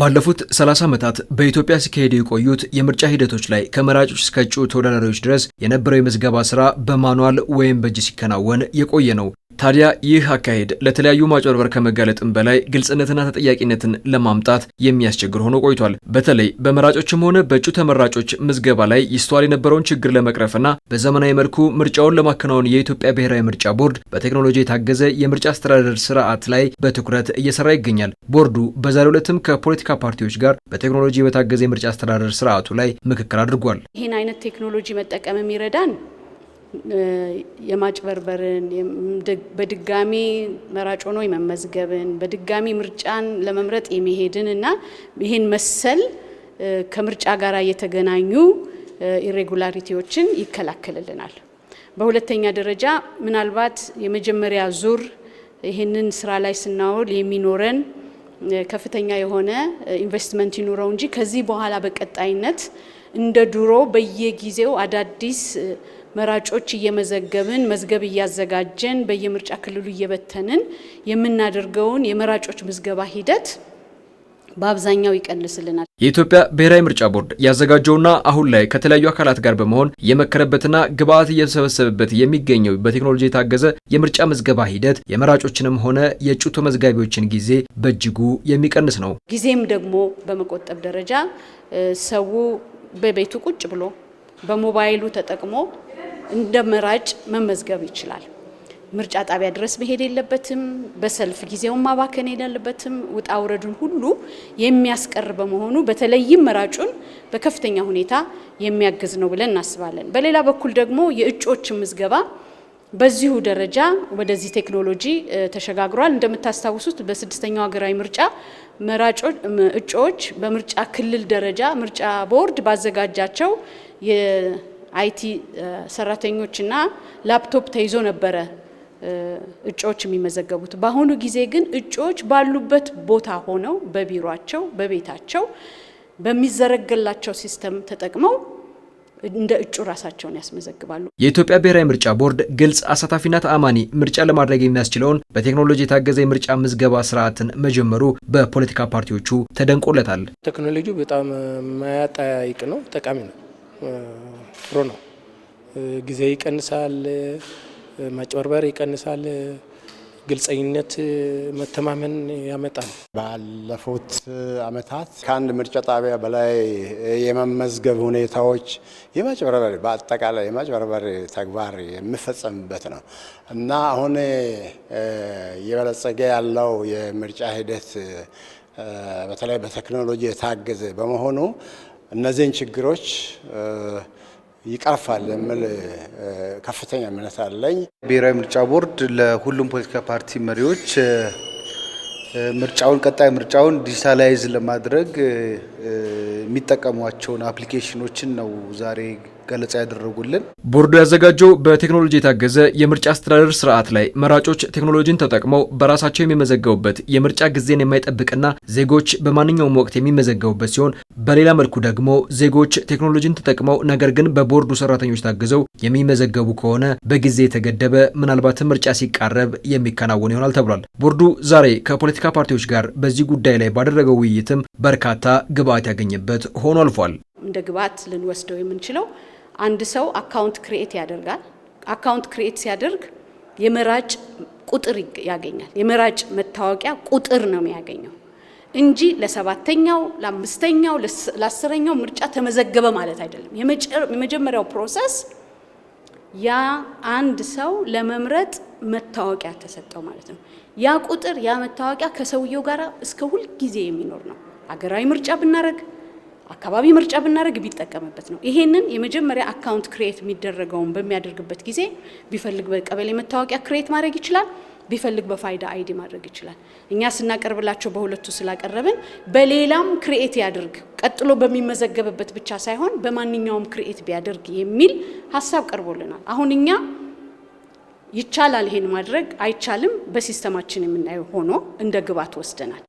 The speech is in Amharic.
ባለፉት 30 ዓመታት በኢትዮጵያ ሲካሄዱ የቆዩት የምርጫ ሂደቶች ላይ ከመራጮች እስከ እጩ ተወዳዳሪዎች ድረስ የነበረው የምዝገባ ስራ በማኗል ወይም በእጅ ሲከናወን የቆየ ነው። ታዲያ ይህ አካሄድ ለተለያዩ ማጭበርበር ከመጋለጥም በላይ ግልጽነትና ተጠያቂነትን ለማምጣት የሚያስቸግር ሆኖ ቆይቷል። በተለይ በመራጮችም ሆነ በእጩ ተመራጮች ምዝገባ ላይ ይስተዋል የነበረውን ችግር ለመቅረፍና በዘመናዊ መልኩ ምርጫውን ለማከናወን የኢትዮጵያ ብሔራዊ ምርጫ ቦርድ በቴክኖሎጂ የታገዘ የምርጫ አስተዳደር ስርዓት ላይ በትኩረት እየሰራ ይገኛል። ቦርዱ በዛሬው ዕለትም ከፖለቲካ ፓርቲዎች ጋር በቴክኖሎጂ በታገዘ የምርጫ አስተዳደር ስርዓቱ ላይ ምክክር አድርጓል። ይህን አይነት ቴክኖሎጂ መጠቀም የሚረዳን የማጭበርበርን በድጋሚ መራጭ ሆኖ የመመዝገብን በድጋሚ ምርጫን ለመምረጥ የመሄድን እና ይህን መሰል ከምርጫ ጋር የተገናኙ ኢሬጉላሪቲዎችን ይከላከልልናል። በሁለተኛ ደረጃ ምናልባት የመጀመሪያ ዙር ይህንን ስራ ላይ ስናውል የሚኖረን ከፍተኛ የሆነ ኢንቨስትመንት ይኑረው እንጂ ከዚህ በኋላ በቀጣይነት እንደ ድሮ በየጊዜው አዳዲስ መራጮች እየመዘገብን መዝገብ እያዘጋጀን በየምርጫ ክልሉ እየበተንን የምናደርገውን የመራጮች ምዝገባ ሂደት በአብዛኛው ይቀንስልናል። የኢትዮጵያ ብሔራዊ ምርጫ ቦርድ ያዘጋጀውና አሁን ላይ ከተለያዩ አካላት ጋር በመሆን የመከረበትና ግብዓት እየተሰበሰበበት የሚገኘው በቴክኖሎጂ የታገዘ የምርጫ ምዝገባ ሂደት የመራጮችንም ሆነ የእጩ ተመዝጋቢዎችን ጊዜ በእጅጉ የሚቀንስ ነው። ጊዜም ደግሞ በመቆጠብ ደረጃ ሰው በቤቱ ቁጭ ብሎ በሞባይሉ ተጠቅሞ እንደ መራጭ መመዝገብ ይችላል። ምርጫ ጣቢያ ድረስ መሄድ የለበትም። በሰልፍ ጊዜውን ማባከን የለበትም። ውጣ ውረዱን ሁሉ የሚያስቀር በመሆኑ በተለይም መራጩን በከፍተኛ ሁኔታ የሚያግዝ ነው ብለን እናስባለን። በሌላ በኩል ደግሞ የእጩዎችን ምዝገባ በዚሁ ደረጃ ወደዚህ ቴክኖሎጂ ተሸጋግሯል። እንደምታስታውሱት በስድስተኛው ሀገራዊ ምርጫ እጩዎች በምርጫ ክልል ደረጃ ምርጫ ቦርድ ባዘጋጃቸው አይቲ ሰራተኞችና ላፕቶፕ ተይዞ ነበረ እጩዎች የሚመዘገቡት። በአሁኑ ጊዜ ግን እጩዎች ባሉበት ቦታ ሆነው በቢሮቸው፣ በቤታቸው በሚዘረገላቸው ሲስተም ተጠቅመው እንደ እጩ ራሳቸውን ያስመዘግባሉ። የኢትዮጵያ ብሔራዊ ምርጫ ቦርድ ግልጽ፣ አሳታፊና ተአማኒ ምርጫ ለማድረግ የሚያስችለውን በቴክኖሎጂ የታገዘ የምርጫ ምዝገባ ስርዓትን መጀመሩ በፖለቲካ ፓርቲዎቹ ተደንቆለታል። ቴክኖሎጂ በጣም ማያጠያይቅ ነው፣ ጠቃሚ ነው። ጥሩ ነው። ጊዜ ይቀንሳል፣ ማጭበርበር ይቀንሳል፣ ግልጸኝነት፣ መተማመን ያመጣል። ባለፉት አመታት ከአንድ ምርጫ ጣቢያ በላይ የመመዝገብ ሁኔታዎች የማጭበርበር በአጠቃላይ የማጭበርበር ተግባር የሚፈጸምበት ነው እና አሁን እየበለጸገ ያለው የምርጫ ሂደት በተለይ በቴክኖሎጂ የታገዘ በመሆኑ እነዚህን ችግሮች ይቀርፋል የሚል ከፍተኛ እምነት አለኝ። ብሔራዊ ምርጫ ቦርድ ለሁሉም ፖለቲካ ፓርቲ መሪዎች ምርጫውን ቀጣይ ምርጫውን ዲጂታላይዝ ለማድረግ የሚጠቀሟቸውን አፕሊኬሽኖችን ነው ዛሬ ገለጻ ያደረጉልን። ቦርዱ ያዘጋጀው በቴክኖሎጂ የታገዘ የምርጫ አስተዳደር ስርዓት ላይ መራጮች ቴክኖሎጂን ተጠቅመው በራሳቸው የሚመዘገቡበት የምርጫ ጊዜን የማይጠብቅና ዜጎች በማንኛውም ወቅት የሚመዘገቡበት ሲሆን፣ በሌላ መልኩ ደግሞ ዜጎች ቴክኖሎጂን ተጠቅመው ነገር ግን በቦርዱ ሰራተኞች ታግዘው የሚመዘገቡ ከሆነ በጊዜ የተገደበ ምናልባትም ምርጫ ሲቃረብ የሚከናወን ይሆናል ተብሏል። ቦርዱ ዛሬ ከፖለቲካ ፓርቲዎች ጋር በዚህ ጉዳይ ላይ ባደረገው ውይይትም በርካታ ግብዓት ያገኘበት ሆኖ አልፏል። እንደ ግብዓት ልንወስደው የምንችለው አንድ ሰው አካውንት ክሪኤት ያደርጋል። አካውንት ክሪኤት ሲያደርግ የመራጭ ቁጥር ያገኛል። የመራጭ መታወቂያ ቁጥር ነው የሚያገኘው እንጂ ለሰባተኛው፣ ለአምስተኛው፣ ለአስረኛው ምርጫ ተመዘገበ ማለት አይደለም። የመጀመሪያው ፕሮሰስ ያ አንድ ሰው ለመምረጥ መታወቂያ ተሰጠው ማለት ነው። ያ ቁጥር ያ መታወቂያ ከሰውየው ጋር እስከ ሁል ጊዜ የሚኖር ነው። አገራዊ ምርጫ ብናደርግ አካባቢ ምርጫ ብናደርግ ቢጠቀምበት ነው። ይሄንን የመጀመሪያ አካውንት ክሬት የሚደረገውን በሚያደርግበት ጊዜ ቢፈልግ በቀበሌ መታወቂያ ክሬት ማድረግ ይችላል። ቢፈልግ በፋይዳ አይዲ ማድረግ ይችላል። እኛ ስናቀርብላቸው በሁለቱ ስላቀረብን በሌላም ክርኤት ያድርግ ቀጥሎ በሚመዘገብበት ብቻ ሳይሆን በማንኛውም ክርኤት ቢያደርግ የሚል ሀሳብ ቀርቦልናል። አሁን እኛ ይቻላል ይሄን ማድረግ አይቻልም በሲስተማችን የምናየው ሆኖ እንደ ግብዓት ወስደናል።